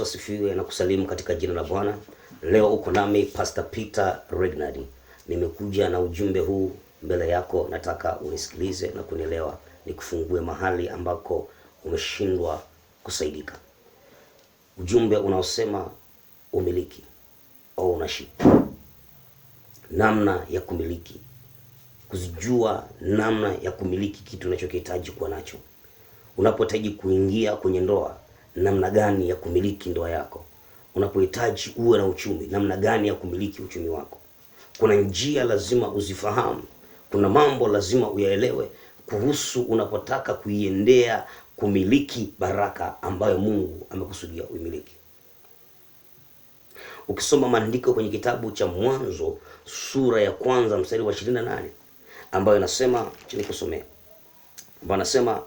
Asifiwe na kusalimu katika jina la Bwana. Leo uko nami Pastor Peter Regnard, nimekuja na ujumbe huu mbele yako. Nataka unisikilize na kunielewa, nikufungue mahali ambako umeshindwa kusaidika. Ujumbe unaosema umiliki au ownership, namna ya kumiliki, kuzijua namna ya kumiliki kitu unachokihitaji kuwa nacho. Unapohitaji kuingia kwenye ndoa namna gani ya kumiliki ndoa yako, unapohitaji uwe na uchumi, namna gani ya kumiliki uchumi wako. Kuna njia lazima uzifahamu, kuna mambo lazima uyaelewe kuhusu unapotaka kuiendea kumiliki baraka ambayo Mungu amekusudia uimiliki. Ukisoma maandiko kwenye kitabu cha Mwanzo sura ya kwanza mstari wa 28 ambayo inasema, chini kusomea, ambayo anasema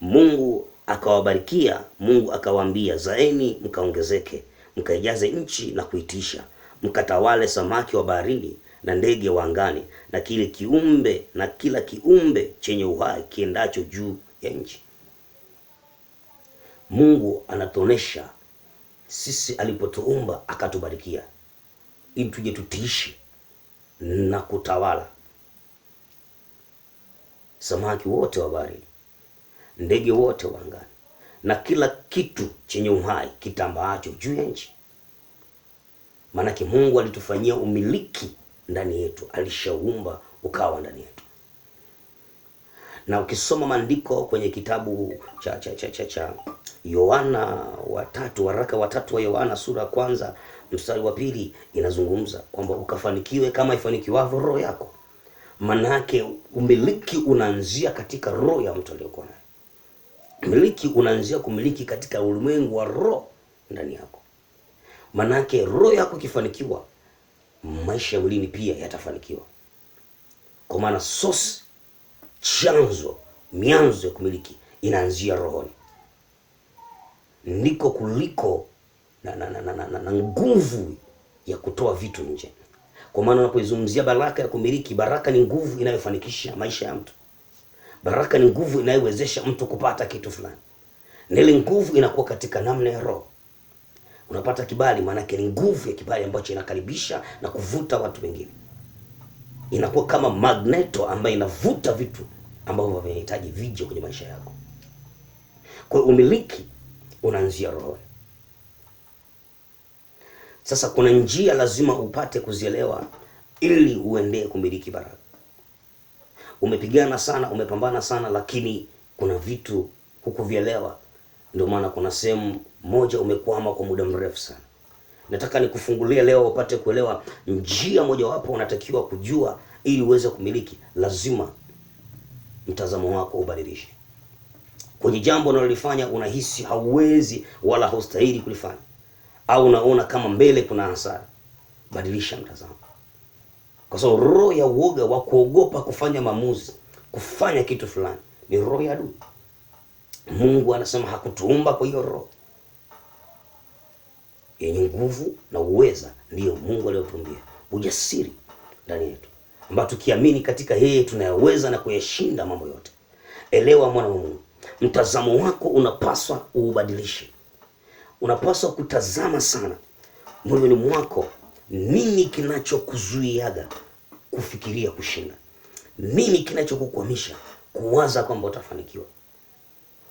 Mungu akawabarikia. Mungu akawaambia, zaeni mkaongezeke, mkaijaze nchi na kuitisha, mkatawale samaki wa baharini na ndege wa angani na kile kiumbe na kila kiumbe chenye uhai kiendacho juu ya nchi. Mungu anatuonesha sisi alipotuumba akatubarikia ili tuje tutiishi na kutawala samaki wote wa baharini ndege wote wa angani na kila kitu chenye uhai kitambaacho juu ya nchi. Maanake Mungu alitufanyia umiliki ndani yetu, alishaumba ukawa ndani yetu. Na ukisoma maandiko kwenye kitabu cha cha cha cha cha Yohana watatu, waraka watatu wa Yohana sura ya kwanza mstari wa pili inazungumza kwamba ukafanikiwe kama ifanikiwavyo roho yako. Maanake umiliki unaanzia katika roho ya mtu aliyokuwa nayo. Miliki unaanzia kumiliki katika ulimwengu wa roho ndani yako, manake roho yako ikifanikiwa, maisha ya mwilini pia yatafanikiwa, kwa maana source, chanzo, mianzo ya kumiliki inaanzia rohoni, ndiko kuliko na nguvu na, na, na, na, nguvu ya kutoa vitu nje. Kwa maana unapoizungumzia baraka ya kumiliki, baraka ni nguvu inayofanikisha maisha ya mtu. Baraka ni nguvu inayowezesha mtu kupata kitu fulani, na ile nguvu inakuwa katika namna ya roho. Unapata kibali, maanake ni nguvu ya kibali ambacho inakaribisha na kuvuta watu wengine. Inakuwa kama magneto ambayo inavuta vitu ambavyo vinahitaji vije kwenye maisha yako. Kwa hiyo umiliki unaanzia roho. Sasa kuna njia lazima upate kuzielewa ili uendee kumiliki baraka umepigana sana, umepambana sana, lakini kuna vitu hukuvielewa. Ndio maana kuna sehemu moja umekwama kwa muda mrefu sana. Nataka nikufungulie leo upate kuelewa njia mojawapo unatakiwa kujua ili uweze kumiliki. Lazima mtazamo wako ubadilishe kwenye jambo unalolifanya. Unahisi hauwezi wala haustahili kulifanya, au unaona kama mbele kuna hasara, badilisha mtazamo kwa sababu roho ya uoga wa kuogopa kufanya maamuzi, kufanya kitu fulani ni roho ya adui. Mungu anasema hakutuumba kwa hiyo roho yenye nguvu na uweza, ndiyo Mungu aliyotumbia ujasiri ndani yetu, ambayo tukiamini katika yeye tunayaweza na kuyashinda mambo yote. Elewa mwana wa Mungu, mtazamo wako unapaswa uubadilishe, unapaswa kutazama sana moyoni mwako nini kinachokuzuiaga kufikiria kushinda? Nini kinachokukwamisha kuwaza kwamba utafanikiwa?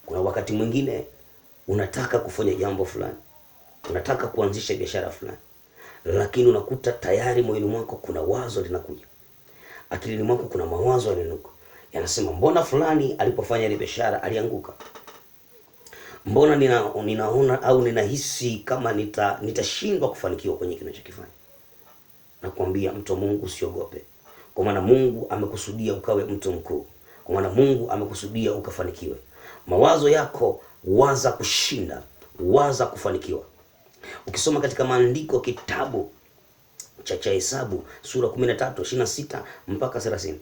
Kuna wakati mwingine unataka kufanya jambo fulani, unataka kuanzisha biashara fulani, lakini unakuta tayari moyoni mwako kuna wazo linakuja, akilini mwako kuna mawazo yananuka, yanasema mbona fulani alipofanya ile biashara alianguka, mbona nina, ninaona au ninahisi kama nitashindwa nita kufanikiwa kwenye kinachokifanya nakwambia mtu wa Mungu usiogope, kwa maana Mungu amekusudia ukawe mtu mkuu, kwa maana Mungu amekusudia ukafanikiwe. Mawazo yako waza kushinda, waza kufanikiwa. Ukisoma katika maandiko kitabu cha cha Hesabu sura 13 26 mpaka 30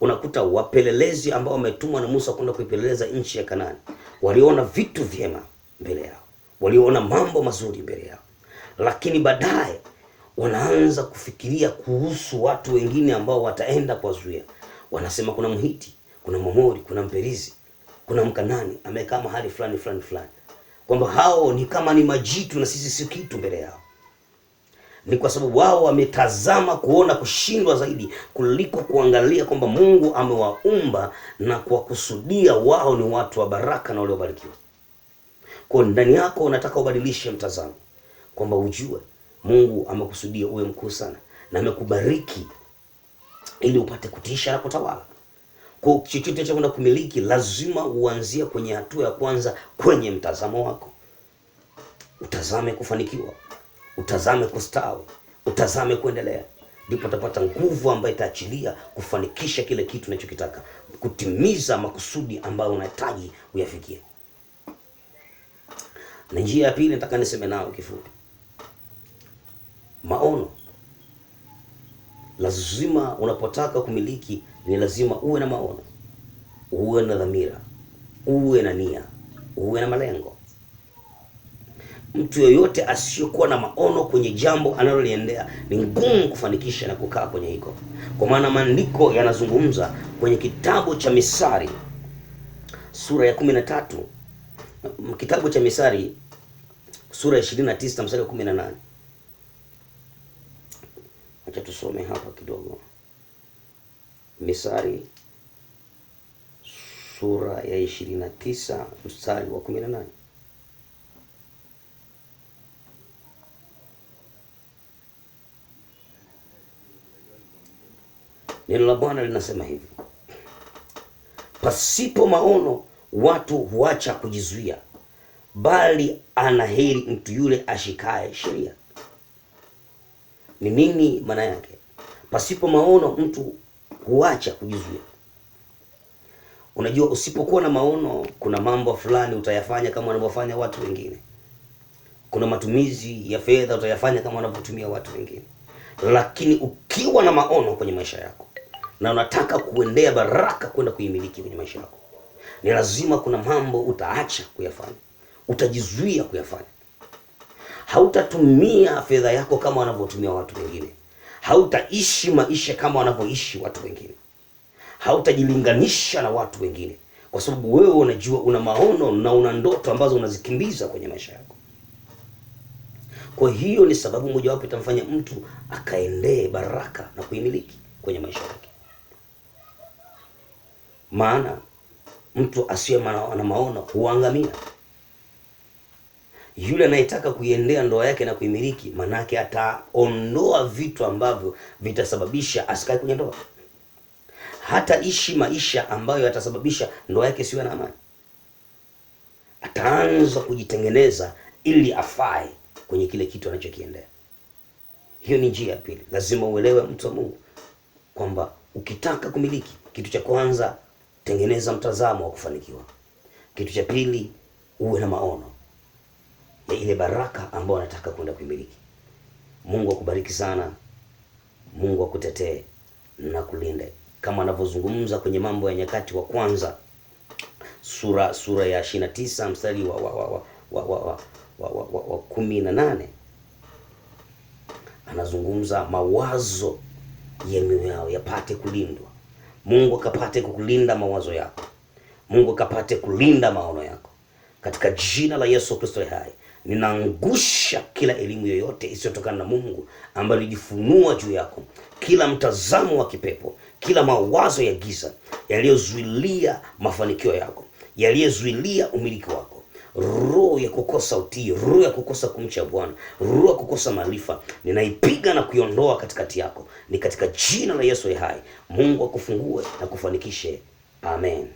unakuta wapelelezi ambao wametumwa na Musa kwenda kuipeleleza nchi ya Kanaani waliona vitu vyema mbele yao, waliona mambo mazuri mbele yao, lakini baadaye wanaanza kufikiria kuhusu watu wengine ambao wataenda kuwazuia. Wanasema kuna Mhiti, kuna Momori, kuna Mperizi, kuna Mkanani amekaa mahali fulani fulani fulani, kwamba hao ni kama ni majitu na sisi sio kitu mbele yao. Ni kwa sababu wao wametazama kuona kushindwa zaidi kuliko kuangalia kwamba Mungu amewaumba na kuwakusudia wao ni watu wa baraka na waliobarikiwa. Kwa ndani yako unataka ubadilishe mtazamo kwamba ujue Mungu amekusudia uwe mkuu sana na amekubariki ili upate kutisha na kutawala. Kwa chochote cha kwenda kumiliki, lazima uanzie kwenye hatua ya kwanza kwenye mtazamo wako. Utazame kufanikiwa, utazame kustawi, utazame kuendelea, ndipo utapata nguvu ambayo itaachilia kufanikisha kile kitu unachokitaka, kutimiza makusudi ambayo unahitaji uyafikie. Na njia ya pili nataka niseme nao kifupi lazima unapotaka kumiliki ni lazima uwe na maono, uwe na dhamira, uwe na nia, uwe na malengo. Mtu yoyote asiyokuwa na maono kwenye jambo analoliendea ni ngumu kufanikisha na kukaa kwenye hiko, kwa maana maandiko yanazungumza kwenye kitabu cha Misari sura ya kumi na tatu, kitabu cha Misari sura ya 29 mstari wa Acha tusome hapa kidogo, Misari sura ya ishirini na tisa mstari wa kumi na nane neno la Bwana linasema hivi: pasipo maono watu huacha kujizuia, bali anaheri mtu yule ashikaye sheria ni nini maana yake? Pasipo maono mtu huacha kujizuia. Unajua, usipokuwa na maono, kuna mambo fulani utayafanya kama wanavyofanya watu wengine, kuna matumizi ya fedha utayafanya kama wanavyotumia watu wengine. Lakini ukiwa na maono kwenye maisha yako na unataka kuendea baraka kwenda kuimiliki kwenye maisha yako, ni lazima kuna mambo utaacha kuyafanya, utajizuia kuyafanya hautatumia fedha yako kama wanavyotumia watu wengine, hautaishi maisha kama wanavyoishi watu wengine, hautajilinganisha na watu wengine, kwa sababu wewe unajua una maono na una ndoto ambazo unazikimbiza kwenye maisha yako. Kwa hiyo ni sababu mojawapo itamfanya mtu akaendee baraka na kuimiliki kwenye maisha yake. Maana mtu asiye na maono huangamia yule anayetaka kuiendea ndoa yake na kuimiliki, manake ataondoa vitu ambavyo vitasababisha asikae kwenye ndoa, hata ishi maisha ambayo yatasababisha ndoa yake siwe na amani. Ataanza kujitengeneza ili afae kwenye kile kitu anachokiendea. Hiyo ni njia ya pili. Lazima uelewe, mtu wa Mungu, kwamba ukitaka kumiliki kitu, cha kwanza tengeneza mtazamo wa kufanikiwa. Kitu cha pili uwe na maono ya ile baraka ambayo anataka kwenda kuimiliki. Mungu akubariki sana, Mungu akutetee na kulinde, kama anavyozungumza kwenye Mambo ya Nyakati wa kwanza sura sura ya 29 na tisa mstari wa, wa, wa, wa, wa, wa, wa, wa, wa, wa kumi na nane anazungumza mawazo ya mioyo yao yapate kulindwa. Mungu akapate kukulinda mawazo yako, Mungu akapate kulinda maono yako katika jina la Yesu Kristo hai ninaangusha kila elimu yoyote isiyotokana na Mungu ambayo ilijifunua juu yako, kila mtazamo wa kipepo, kila mawazo ya giza yaliyozuilia mafanikio yako, yaliyozuilia umiliki wako, roho ya kukosa utii, roho ya kukosa kumcha Bwana, roho ya kukosa maarifa, ninaipiga na kuiondoa katikati yako, ni katika jina la Yesu hai. Mungu akufungue na kufanikishe, amen.